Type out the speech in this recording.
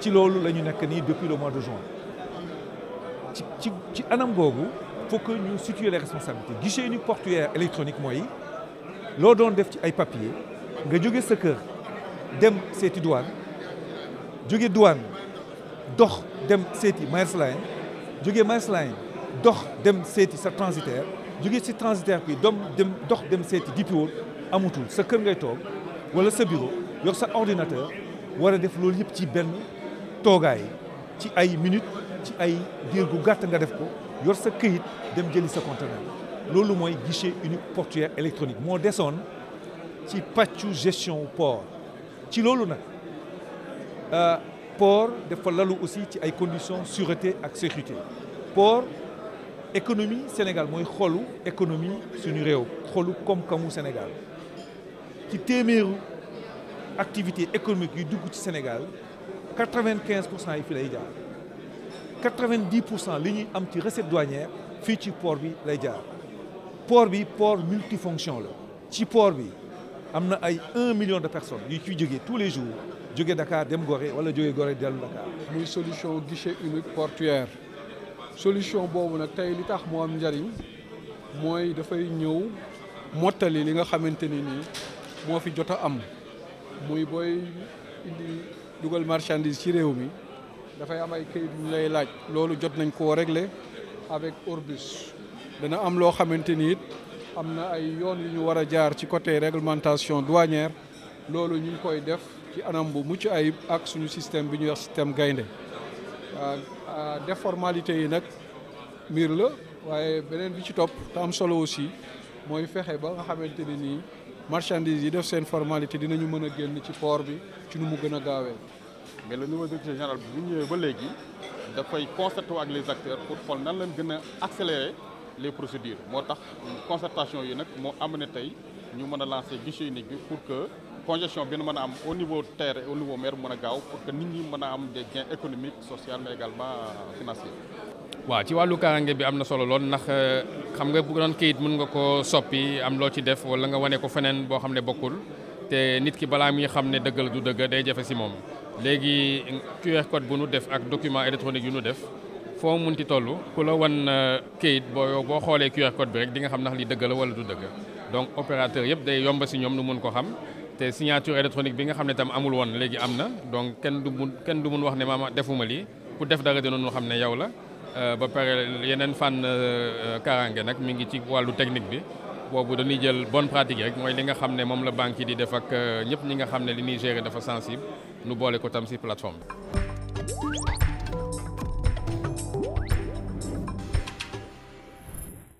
ci loolu la ñu nekk nii depuis le mois de juin ci ci anam boobu faut que ñu situer les responsabilités guichet unique portuaire électronique mooy loo doon def ci ay papier nga jóge sa kër dem seeti douane jóge douane dox dem seeti Maersk Line jóge Maersk Line dox dem seeti sa transitaire jóge si transitaire bi doom dem dox dem seeti DP amatul sa kër ngay toog wala sa bureau yor sa ordinateur war a def loolu yëpp ci benn toogaay ci ay minute ci ay diir gu gàtt nga def ko yor sa këyit dem jëli sa conteneur loolu mooy guichet unique portuaire électronique moo desoon ci paccu gestion port ci loolu nag euh, port dafa lalu aussi ci ay conditions sûreté ak sécurité port économie Sénégal mooy xolu économie suñu réew xolu koom-koomu Sénégal ci téeméeru activité économique yuy dugg ci Sénégal quatre-vingt-quinze pour cent yi fi lay jaar quatre-vingt-dix pour cent li ñuy am ci recette douanière fii ci port bi lay jaar port bi port multifonction la ci port bi am na ay un million de personnes yu ciy jóge tous les jour jóge Dakar dem Gorée wala jóge Gorée dellu Dakar muy solution guichet unique portuaire solution boobu nag tey li tax mu am njariñ mooy dafay ñëw mottali li nga xamante ni nii moo fi jot a am muy booy indi dugal marchandise ci réew mi dafay am ay kayit ñu lay laaj loolu jot nañ ko regle avec Orbus dana am loo xamante ni it am na ay yoon yu ñu war a jaar ci côté réglementation douanière loolu ñu ngi koy def ci anam bu mucc ayib ak suñu système bi ñuy wax système gaynde Euh, euh, def formalité yi nag mbir la waaye beneen bi ci topp te am solo aussi mooy fexe ba nga xamante ni nii marchandises yi def seen formalité dinañu mën a génn ci port bi ci nu mu gën a gaawee. mais le nouveau directeur général bu ñëwee ba léegi dafay concerté ak les acteurs pour xool nan lañ gën a accélérer les procédures moo tax concertation yi nag moo am ne tey ñu mën a lancer guichet nit bi pour que. congestion bi nu mën a am au niveau terre et au niveau mer mën a gaaw pour que nit ñi mën a am des gains économiques sociaux mais également euh, financiers. waaw ci wàllu kaarange bi am na solo lool ndax euh, xam nga bu doon kayit mën nga ko soppi am loo ci def wala nga wane ko feneen boo xam ne bokkul te nit ki balaa muy xam ne dëgg la du dëgg day jafe si moom. léegi QR code bu nu def ak document électronique yu nu def foo mun munti toll ku la wan euh, kayit boo boo xoolee QR code bi rek di nga xam ndax li dëgg la wala du dëgg donc si ñoom nu mun ko xam. te signature électronique bi nga xam ne tam amul woon léegi am na donc kenn du mun kenn du mun wax ne maama defuma lii ku def dara dina ñu xam ne yow la euh, ba pare yeneen fànn euh, euh, kaaraange nag mu ngi ci wàllu technique bi boobu dañuy jël bonne pratique rek mooy li nga xam ne moom la banque yi di def ak ñëpp ñi nga xam ne li ñuy gérer dafa sensible nu boole ko tam si plateforme